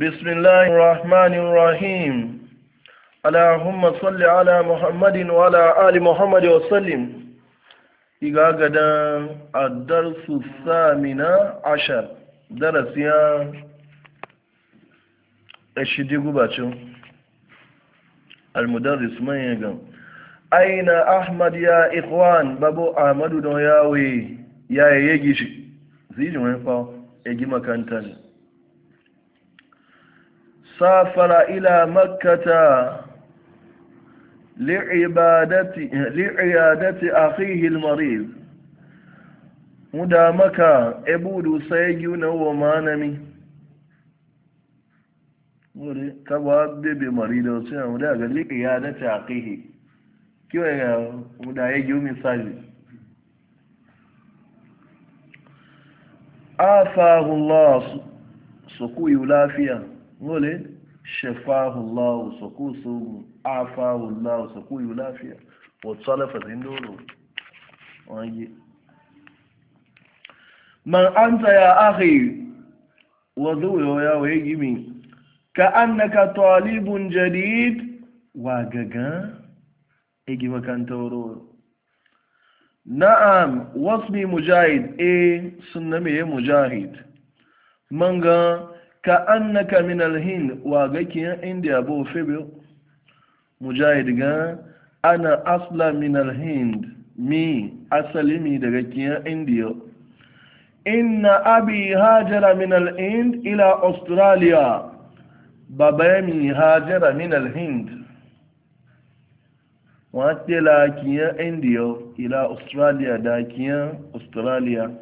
بسم الله الرحمن الرحيم اللهم صل على محمد وعلى آل محمد وسلم إغاغدا الدرس الثامن عشر درس يا أشدق باتشو المدرس ما يقام أين أحمد يا إخوان بابو أحمد ياوي يا يجيش زيجوا ينفع يجي مكان تاني سافر إلى مكة لعيادة أخيه المريض مدى مكة أبود سيجون ومانمي wuri kaba bebe marido suna wuda ga liƙiya na taƙihi kiwa ya wuda su lafiya wole shafahu Allah soko so afahu Allah soko yu lafiya wa salafa zindolo wanje man anta ya ahi wa zuwa ya gimi ka annaka talibun jadid wa gaga igi makanta wuro na'am wasmi mujahid eh sunna me mujahid manga كأنك من الهند وغيكي عندي أبو فبيو مجاهد قال أنا أصلا من الهند مي أسلمي دغيكي عندي إن أبي هاجر من الهند إلى أستراليا بابامي هاجر من الهند واتلا كيا انديو الى استراليا دا استراليا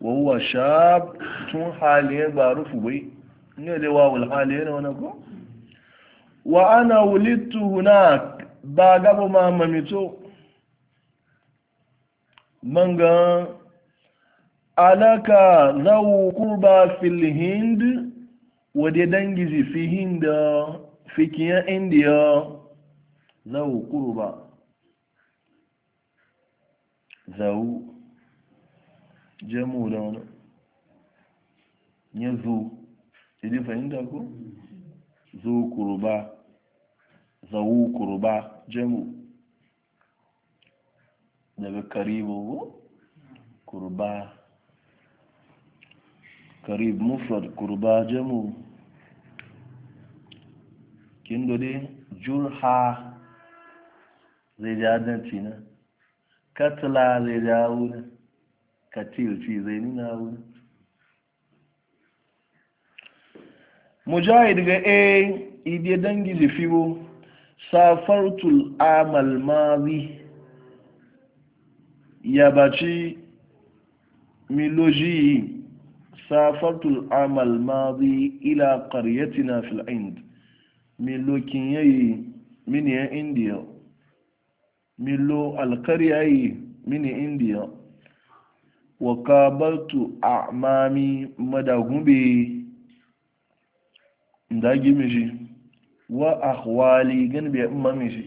وهو شاب تون حاليا بارفو بي ne da wawul hali yana wani ko wa ana wulitu hunak ba gaba ma mamito manga alaka zau kurba fil hind wadda dangizi fi hind fikiyan indiya zau kurba zau jamu da wani ya zuwa sai dai fahimta ko zo ba kurba jamu daga karibu kurba karib kurba jamu kin dole jurha zai ji adanci na katila zai ji awu katil ci zai nuna awu mujahid ga A eh, ibe dangi zifibo safartul amal mazi ya baci miloji safartul amal mazi ila karyatina fil ind milokin yayi mini ya indiya milo alkarya yi mini indiya wa a a'mami madagube ndagi mishi wa akhwali gan bi amma mishi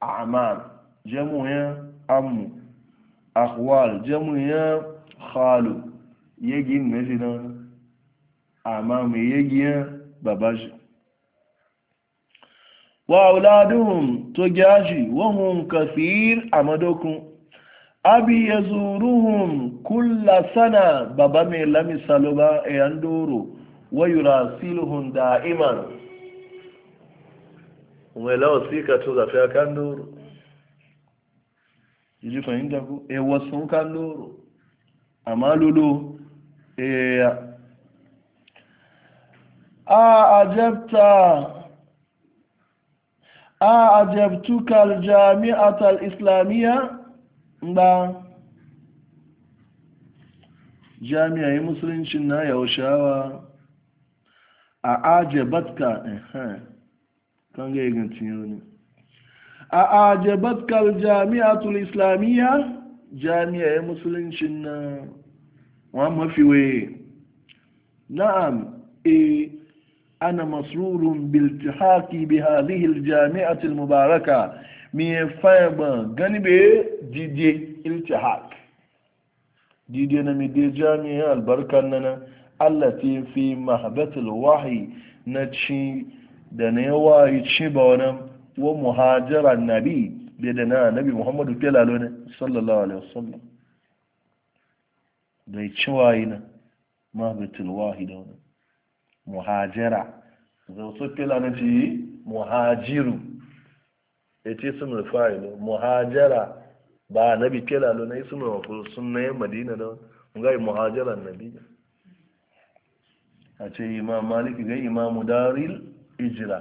aman jamu ya ammu akhwal jamu ya khalu yegi mishi na mai yegi ya babaji wa auladuhum to gaji wa hum kathir amadokun abi yazuruhum kullasana sana baba mai lamisalo ba e andoro wayurasiluhum da'iman umelewa sika tu za fya kanduru yiji fahimta ku e wasu kanduru amma lulu e ya a ajabta a ajabtuka aljami'ata alislamiyya ba musulunci na yaushawa a ajabatka ehe kan ga ganci ne a ajabatka jami'atul islamiyya jami'a ya e musuluncin na wa mafiwe na'am e ana masrurun biltihaki bi hadhihi aljami'ati mubaraka mi e fayba ganibe dide iltihak dide na mi de jami'a albarkan nana allati fi mahbatil wahyi na ci da na yawayi ci ba wani wa muhajira nabi bai da na nabi muhammadu pelalo ne sallallahu alaihi wasallam da ci wayi na mahbatil wahyi da wani muhajira zai su pelalo ci muhajiru ya e ce sun rufa'ilo muhajira ba nabi pelalo na yi sun rufu sun na yin madina da wani muhajira nabi a ce imam maliki ga imamu daril ijira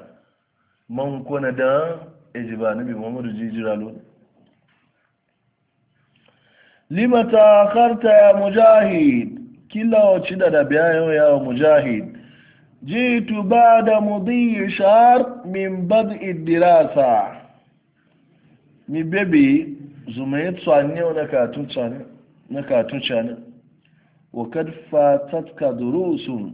man kuna da ijira nabi muhammadu jijira lona lima karta ya mujahid kila wacce da biayo ya mujahid jitu da mudhi shahar min bad idirasa mi bebi zumaye tsanye na katun tsanye na katun tsanye wa kad fatatka durusun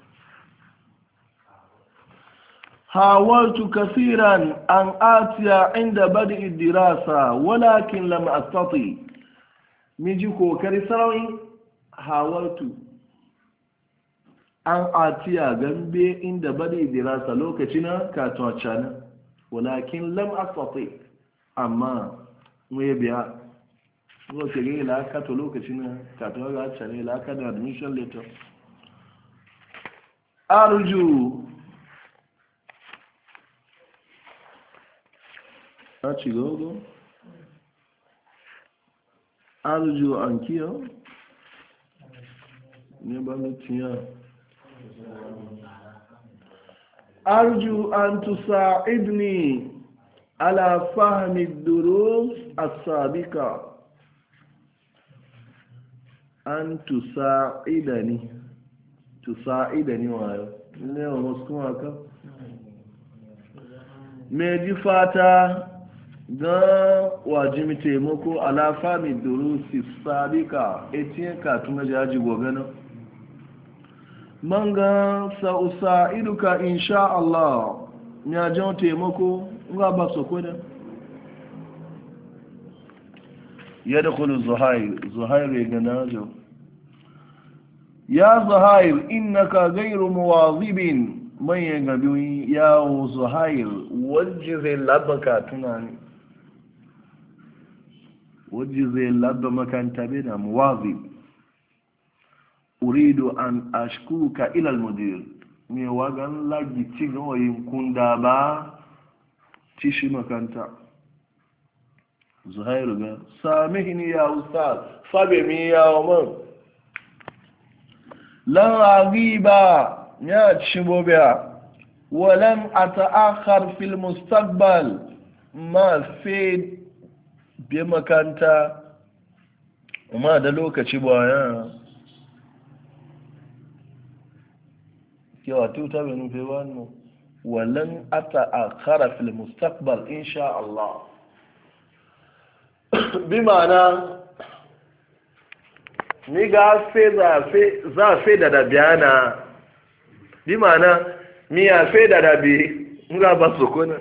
حاولت كثيرا أن آتي عند بدء الدراسة ولكن لم أستطع ميجيكو كريسراوي حاولت أن آتي جنبي عند بدء الدراسة لو كتنا كاتواتشانا ولكن لم أستطع أما ويبيا ko ke ga ilaka to lokacin ka to ga tsare ilaka da admission letter arju ci arju an kiyo ne ba mutiya arju an ala fahmi durus as-sabiqa an tusa tusaidani wayo ne wa me ji fata ga wajimi taimako alafa mai durusi sabika etiyan katun na jaji gwagana manga ga sa'usa iduka insha Allah ya jan taimako ga ba su kuna ya da kudu zuhair zuhair ya gana jau ya zuhair innaka gairu muwazibin manyan gabi yawo zuhair wajen zai labaka tunani وجزي لب مكان تبين مواظب أريد أن أشكوك إلى المدير مي وغان لاجي تيغو يمكن دابا تشي مكان تا زهير سامحني يا أستاذ سامحني يا أمان لن أغيبا يا تشبوبيا ولم أتأخر في المستقبل ما فيد biyan makanta amma da lokaci baya kewa tuta bai nufe wannan walan ata a kara fil mustaqbal insha Allah bi ma'ana ni ga fe za fe da da na bi ma'ana mi ya fe da dabi, nga ba sokona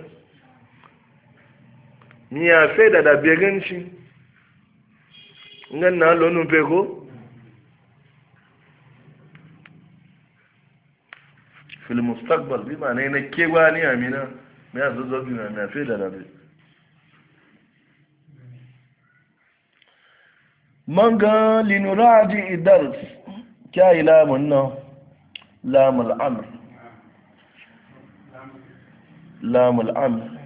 ya fe da da beganci ngan na lonu pego fil mustaqbal bi ma'ana na kewa ni amina me azu zo bi na fe da da be manga linuraji dars kya ila munna lam al amr lam amr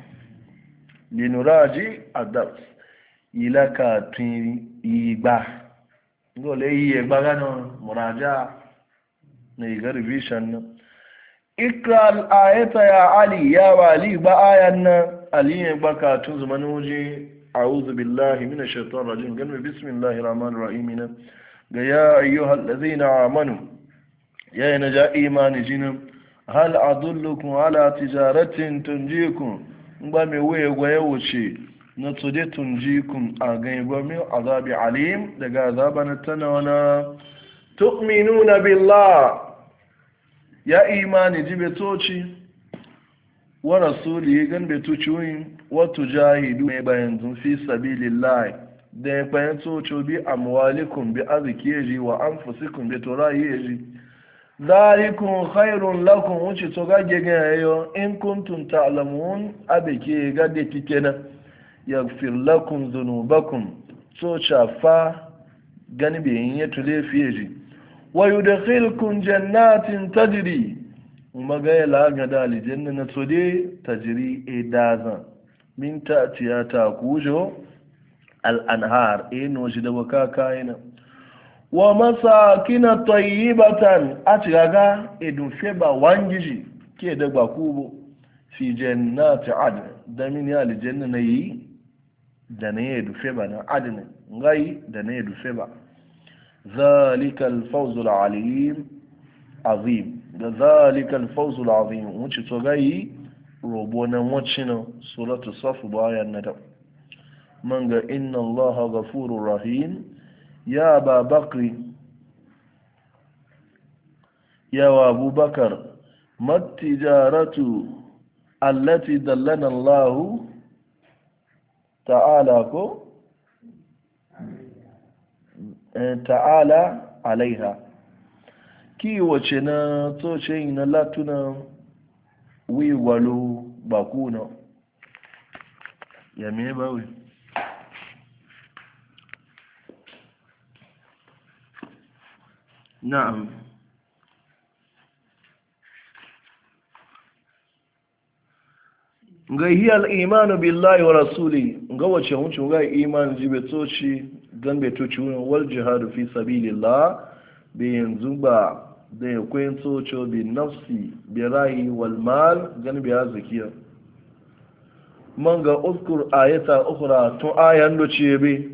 لنراجي الدرس إلى كاتيبا نقول إيه بغانا مراجع نيجا ريفيشن إقرأ الآية يا علي يا والي بآية علي بكا تزمنوجي أعوذ بالله من الشيطان الرجيم قال بسم الله الرحمن الرحيم يا أيها الذين آمنوا يا نجا إيمان جنم هل أدلكم على تجارة تنجيكم ba mai waye gwaye wuce na tude jikun a ganibar a azabi alim daga azaba na tana wana na billa ya imani ji betoci wa rasuli gan betoci wa jahidu mai bayan zun fi lillahi da ya bayan tsoci bi amwalikum bi arziki yaji wa anfusikum bi yaji zalikun khairun lakun wuce to gage yayo in kuntum ta'lamun abike ga kike na yaghfir lakum dhunubakum to chafa gani be yin ya tule fiyeji wa yudkhilkum jannatin tajri kuma ga ya laga da aljanna na to de tajri e min ta tiyata kujo al anhar e no shi da waka kaina wa masa masakina tayyibatan a gaga edun feba wangiji ke dagba kubo fi jannati adn da min ya aljanna na yi da na yi edun feba na adn ngai da na yi edun feba zalika alfawzu alalim azim da zalika alfawzu alazim wuce to gai robo na wacin suratu safu bayan na da manga inna allaha ghafurur rahim ya ba bakri yawa abubakar matijaratu allati dallana allahu ta'ala ko eh, ta'ala alaiha ki wace na tsoce na latuna wiwalo bakuna na'am ga al imanu billahi wa rasuli ga wace hunci ga iman ji dan be toci wani wal jihad fi sabilillah be yanzu ba da ya kwayin tsoco bi nafsi bi rayi wal mal gani bi azkiya man ga ayata ukhra tun ayan do ce bi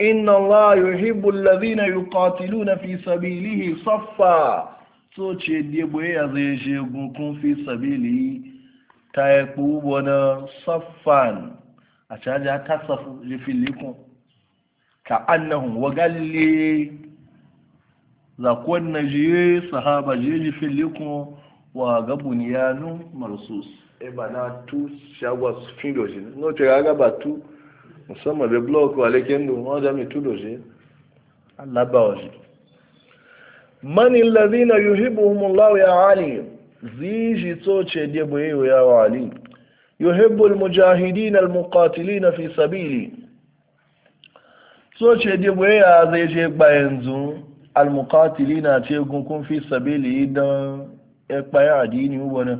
inna Allah yuhibbu alladhina yuqatiluna fi sabilihi saffa so ce debo ya je gunkun fi sabili ta ya saffan a caja ta ka annahum wagalle zakon na jiye sahaba jiye filikun wa ga marsus e bana tu shagwa findo no te ga tu musamman bai blok wa lekin dun wọn jami tudo shi allah ba wa shi mani lazina yuhibbuhumullahu ya ali ziji to ce de boye ya ali yuhibbul mujahidin al muqatilin fi sabili so ce de boye ya zai je gba yanzu al muqatilina ce gunkun fi sabili dan e pa ya adini wona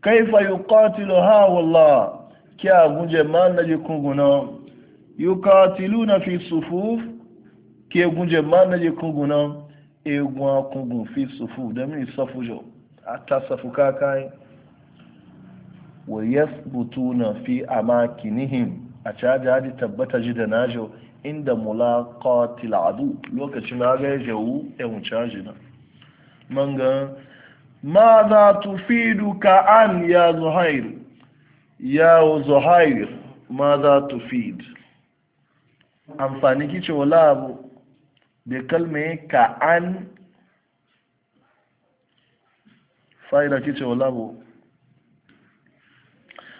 kaifa yuqatilu ha wallah kya gunje man naji kunguna yukatiluna fi sufuf ke gunje mana je kunguna egun kungun fi sufuf da min safujo ata safuka kai wa na fi amakinihim a caji hadi tabbata ji da najo inda mulaqatil adu lokacin na ga jawu e caji na manga ma za an ya zuhair ya zuhair ma za amfani kice wala abu da kalme ka an fa'ida kice wala abu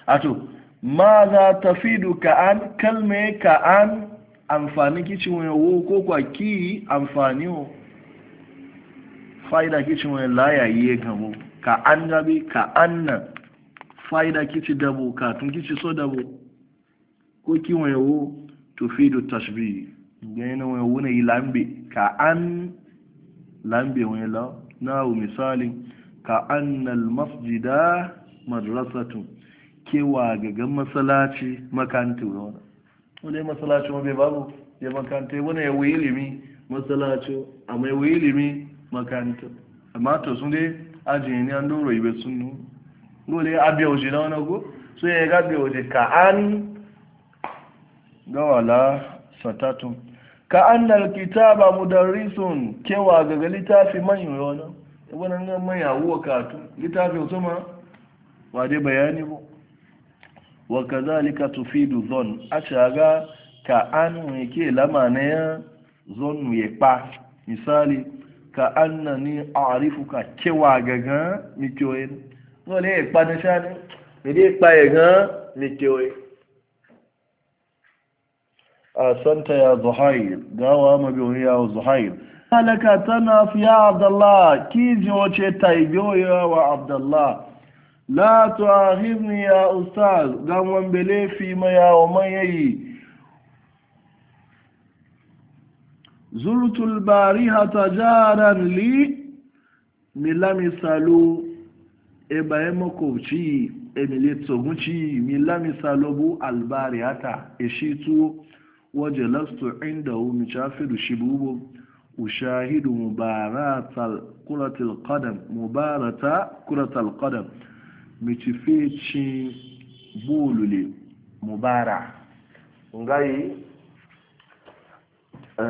ato ma za ta fi duka an kalme ka an amfani kicin wani wo ko kwa ki amfani wo fa'ida kicin wani ya gabo ka an gabi ka an nan fa'ida kicin dabo ka tun so dabo ko ki wani wo tufidu tashbi gaina wani wuna yi lambe ka an lambe wani la na misali ka annal masjida madrasatun kewa gagan masalaci makanta wani wani masalaci mabe babu ya makanta wani ya wuyi ilimi masalaci amma ya wuyi ilimi makanta amma to sun dai ajiye ne an doro ibe sun nuna dole ya abiya waje na wani go so ya gabe waje ka an gawala satatu ka annal kitaba mudarrisun kewa daga littafi man yoyona wannan nan mai yawo katu littafi usuma wa dai bayani bo wa kadhalika tufidu dhon ashaga ka anu yake lamana ya zon ye pa misali ka annani a'rifuka kewa gaga mi kyoyin wala e pa na sha mi dai pa ye gan mi kyoyin santa ya zuhair gawa mabiyoyi ya zuhair halaka tana fi ya abdallah kiji wace taibiyoyi wa abdallah la tu'akhidni ya ustaz gamwan bele fi ma wa man yayi zurtu al-barihata jaran li milami salu e baye makwabci emile tsogunci milami salobu albarihata e shi tuwo waje lastu inda hu mi shafidu shibubu ushahidu mubaratal kuratul mubarata kuratul qadam mi ci bulule mubara ngai uh,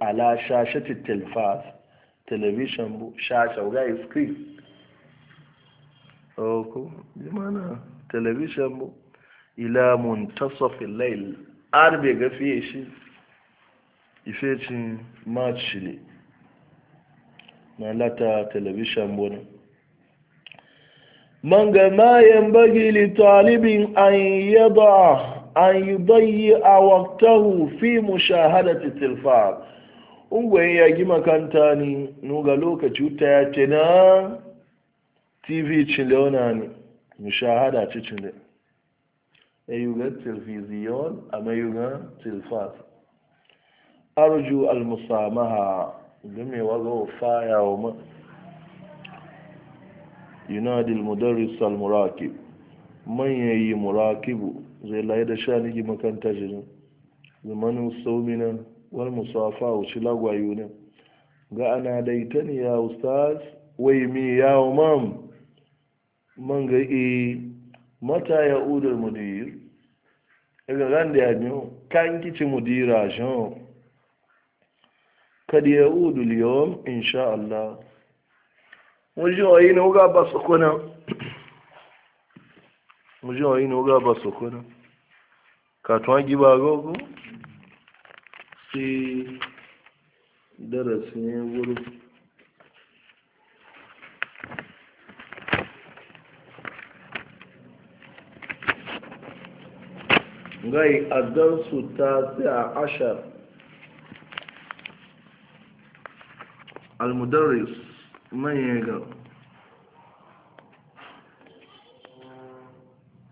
ala ko jimana telebishin bu ilamun tasofin lail an bai gafi fiye shi ifecin march ne na lata telebishin bu man ga mayan bagi an yi ba yi a waktahu fi mu shahada titilfa ungwe ya gima kanta ni nuga lokaci ta ya ce na tv cile wani mushahada ci cile ayyuga televiziyon a mayuga telefat arju almusamaha gumewa ga wafaya wa ma yunadi murakib manyan yi murakibu zai laye da sha nigi makanta jini zamanin sauminan wal musafa wuce lagwayo ne ga ana daitani ya ustaz wai mi yawo mam man ga e mata ya udar mudir daga e ran da ya biyo kan kici mudira shan kadi ya udu liyom insha Allah muje wa yi na ba su kuna muje yi na ba su kuna katon giba gogo sai darasin ya wuri غي الدرس التاسع عشر المدرس من يقرأ